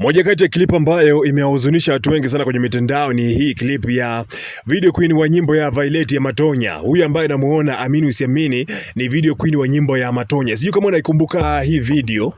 Moja kati ya klipu ambayo imewahuzunisha watu wengi sana kwenye mitandao ni hii klipu ya video queen wa nyimbo ya Violet ya Matonya. Huyu ambaye namuona, amini usiamini, ni video queen wa nyimbo ya Matonya. Sijui kama unaikumbuka hii video.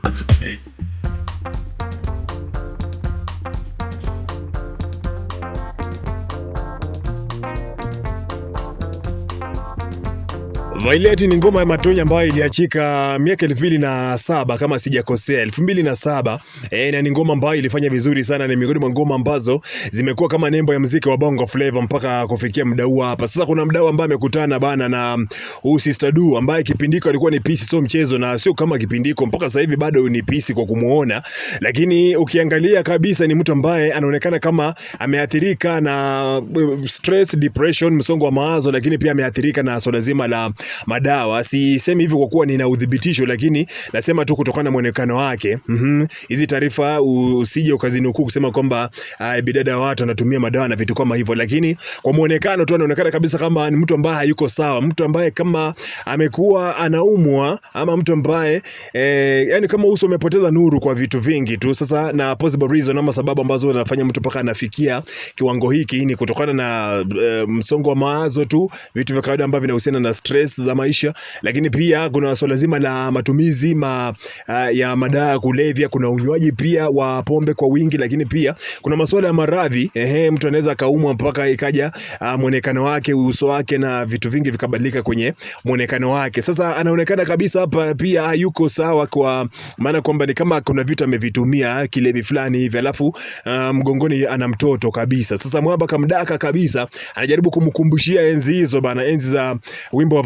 Violet ni ngoma ya Matonya ambayo iliachika miaka elfu mbili na saba kama sijakosea, elfu mbili na saba e, na ni ngoma ambayo ilifanya vizuri sana. Ni miongoni mwa ngoma ambazo zimekuwa kama nembo ya mziki wa Bongo Flava mpaka kufikia mdau hapa. Sasa kuna mdau ambaye amekutana bana na huyu uh, Sister Du ambaye kipindiko alikuwa ni pisi, sio mchezo, na sio kama kipindiko, mpaka sasa hivi bado ni pisi kwa kumuona, lakini ukiangalia kabisa ni mtu ambaye anaonekana kama ameathirika na uh, stress, depression, msongo wa mawazo, lakini pia ameathirika na swala zima la madawa. Sisemi hivyo kwa kuwa nina udhibitisho, lakini nasema tu kutokana na mwonekano wake. Mhm, hizi taarifa usije ukazinukuu kusema kwamba uh, bidada watu anatumia madawa na vitu kama hivyo, lakini kwa mwonekano tu anaonekana kabisa kama ni mtu ambaye hayuko sawa, mtu ambaye kama amekuwa anaumwa ama mtu ambaye eh, yani kama uso umepoteza nuru kwa vitu vingi tu. Sasa na possible reason ama sababu ambazo zinafanya mtu paka anafikia kiwango hiki ni kutokana na eh, msongo wa mawazo tu, vitu vya kawaida ambavyo vinahusiana na stress stress za maisha, lakini pia kuna swala zima la matumizi ma, uh, ya madawa kulevya. Kuna unywaji pia wa pombe kwa wingi, lakini pia kuna masuala ya maradhi. Ehe, mtu anaweza kaumwa mpaka ikaja uh, mwonekano wake, uso wake na vitu vingi vikabadilika kwenye mwonekano wake. Sasa anaonekana kabisa hapa pia yuko sawa, kwa maana kwamba ni kama kuna vitu amevitumia ah, kilevi fulani hivi, alafu uh, mgongoni ana mtoto kabisa. Sasa mwaba kamdaka kabisa, anajaribu kumkumbushia enzi hizo bana, enzi za wimbo wa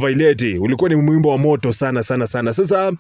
ulikuwa ni mwimbo wa moto sana sana sana. Sasa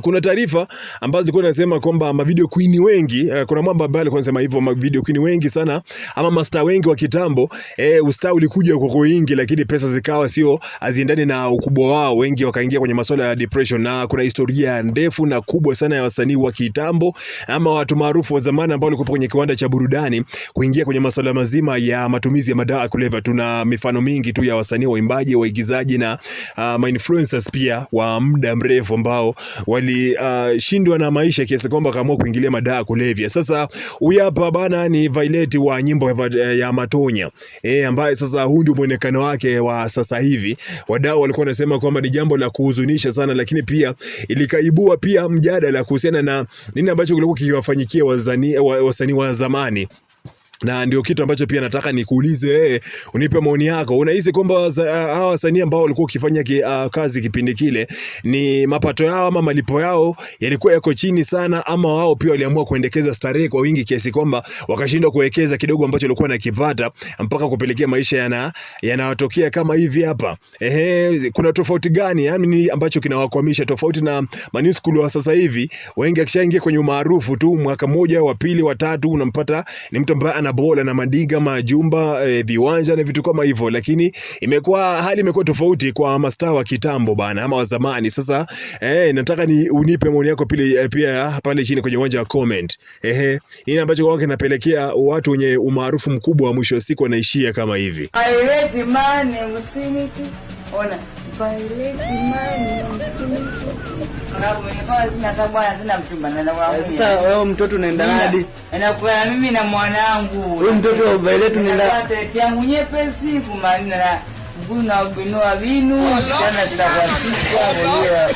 kuna taarifa ambazo zilikuwa zinasema kwamba ma video queen wengi eh, kuna mambo ambayo alikuwa anasema hivyo ma video queen wengi sana ama masta wengi wa kitambo eh, ustaa ulikuja kwa wingi, lakini pesa zikawa sio haziendani na ukubwa wao, wengi wakaingia kwenye masuala ya depression. Na kuna historia ndefu na kubwa sana ya wasanii wa kitambo ama watu maarufu wa zamani ambao walikuwa kwenye kiwanda cha burudani kuingia kwenye masuala mazima ya matumizi ya madawa ya kulevya. Tuna mifano mingi tu ya wasanii, waimbaji, waigizaji na uh, ma influencers pia wa muda mrefu ambao wa walishindwa uh, na maisha kiasi kwamba kaamua kuingilia madawa ya kulevya. Sasa huyu hapa bana ni Vaileth wa nyimbo ya Matonya e, ambaye sasa huu ndio mwonekano wake wa sasa hivi. Wadau walikuwa wanasema kwamba ni jambo la kuhuzunisha sana, lakini pia ilikaibua pia mjadala kuhusiana na nini ambacho kilikuwa kikiwafanyikia wasanii wa, wasanii wa zamani na ndio kitu ambacho pia nataka nikuulize wewe, eh, unipe maoni yako. Unahisi kwamba ah, hawa uh, wasanii ambao walikuwa wakifanya ki, uh, kazi kipindi kile, ni mapato yao ama malipo yao yalikuwa yako chini sana, ama wao pia waliamua kuendekeza starehe kwa wingi kiasi kwamba wakashindwa kuwekeza kidogo ambacho walikuwa nakipata mpaka kupelekea maisha yana yanawatokea kama hivi hapa? Ehe, kuna tofauti gani yani ambacho kinawakwamisha tofauti na man wa sasa hivi? Wengi akishaingia kwenye umaarufu tu, mwaka mmoja wa pili wa tatu, unampata ni mtu ambaye ana bola na madiga majumba e, viwanja na vitu kama hivyo, lakini imekuwa hali imekuwa tofauti kwa mastaa wa kitambo bana, ama wa zamani. Sasa e, nataka ni unipe maoni yako pili, eh, pia pale chini kwenye uwanja wa comment. Ehe, nini ambacho kwa kinapelekea watu wenye umaarufu mkubwa mwisho wa siku wanaishia kama hivi? haiwezi Ona Vaileti mani sasa wewe mtoto unaenda hadi nakula mimi na mwanangu huyu mtoto wa Vaileti unaenda yangu nyepesi kumanina na mguu na ubinua vinu tena zitakwasika